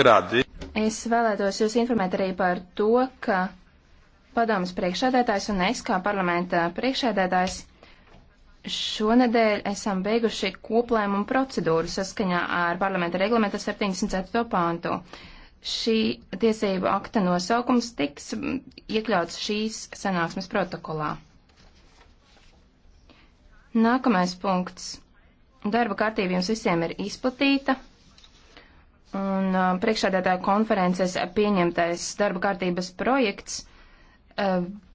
Rādi. Es vēlētos jūs informēt arī par to, ka padomas priekšēdētājs un es kā parlamenta priekšēdētājs šonedēļ esam beiguši koplēmumu procedūru saskaņā ar parlamenta reglamenta 74. pāntu. Šī tiesību akta nosaukums tiks iekļauts šīs sanāksmes protokolā. Nākamais punkts. Darba kārtība jums visiem ir izplatīta. Un uh, priekšādātāja konferences pieņemtais darba kārtības projekts uh,